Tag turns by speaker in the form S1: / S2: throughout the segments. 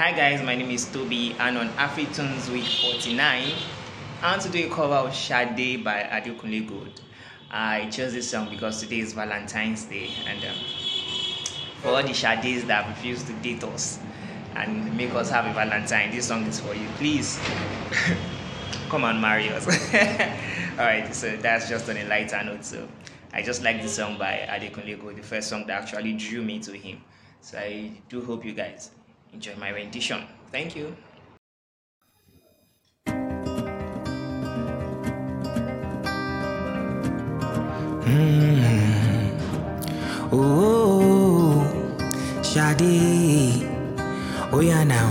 S1: Hi guys, my name is Toby and on Afritunes Week 49, I want to do a cover of "Shade" by Adekunle Gold. I chose this song because today is Valentine's Day and um, for all the shades that refuse to date us and make us have a Valentine, this song is for you. Please come and marry us. Alright, so that's just on a lighter note. So I just like this song by Adekunle Gold, the first song that actually drew me to him. So I do hope you guys Enjoy my rendition. Thank you.
S2: hmm Oh, Shadi, oh yeah now.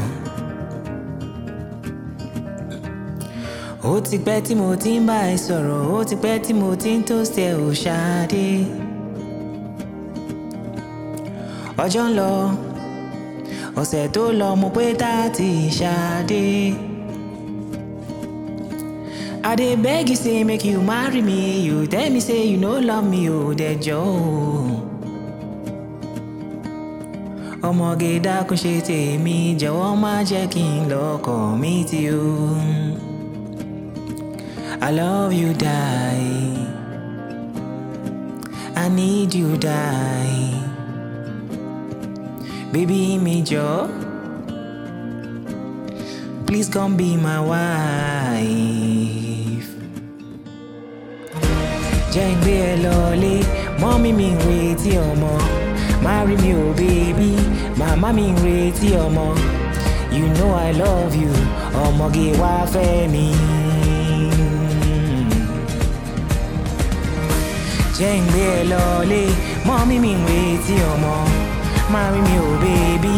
S2: Ó ti pẹ́ tí mo ti ń bá ẹ sọ̀rọ̀, ó ti pẹ́ tí mo ti ń toast ẹ ò Ṣadé. Ọjọ́ ń lọ. ọ̀sẹ̀ tó lọ mo pé tá a ti ṣáde. I dey beg you say make you marry me, you tell me say you no love me, o dẹjọ́ o. Ọmọge dákun ṣe tèmi, jọ̀wọ́ má jẹ́ kí n lọ́kọ̀ mi ti o. I love you die, I need you die. Baby, major, Please come be my wife. Jẹ́ ń gbé ẹ lọ́lé, me mi ń retí ọmọ. Marry me o oh baby, my mommy ń retí ọmọ. You know I love you, ọmọge wá fẹ́ mi. Jẹ́ ń gbé ẹ lọ́lé, mommy, me ń retí ọmọ. Marry me, oh baby.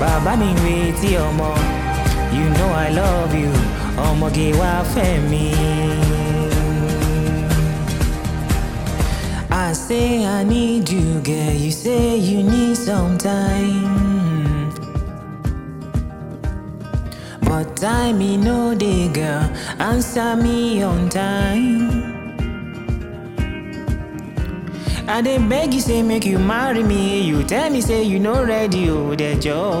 S2: Bàbá mi retí ọmọ. You know I love you. Ọmọge wá fẹ́ mi. I say I need you, girl. You say you need some time. But time me no day, girl. Answer me on time. i dey beg you say make you marry me you tell me say you no ready o dẹjọ o.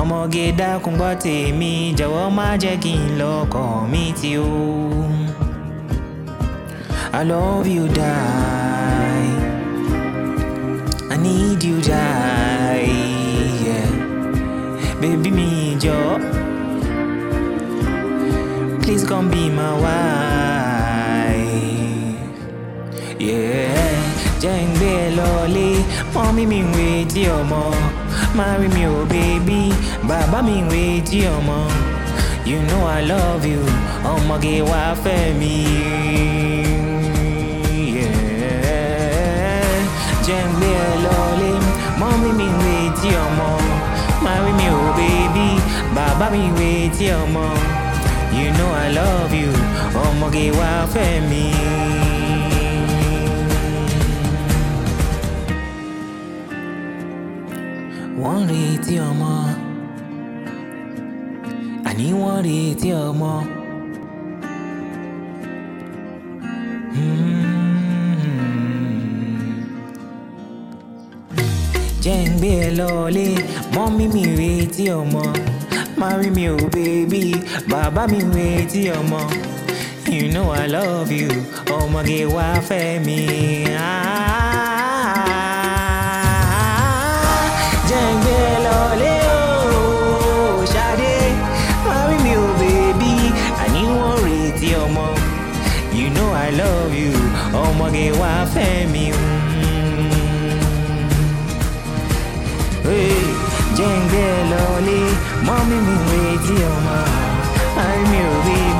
S2: ọmọge dákun gbọ́ tèmi jọ̀wọ́ má jẹ́ kí n lọ́kàn mi tí o. i love you die i need you die yeah. baby mi jọ please come be my wife. lolly. Mommy me wait your mom. Marry me, oh baby. Baba me wait your mom. You know I love you. Oh my gay wife me. Yeah. Jembe lolly. Mommy me wait your mom. Marry me, oh baby. Baba me wait your mom. You know I love you. Oh my gay wife me. wọ́n retí ọmọ àní wọ́n retí ọmọ. Hmm. jẹ́ ń gbé ẹ lọ́ọ́lé mọ́mí mi retí ọmọ marry me o oh baby bàbá mi retí ọmọ. You know I love you, ọmọge wá fẹ́ mi. Ah. Jingle Loli, Mommy, me with your mom. I'm your baby.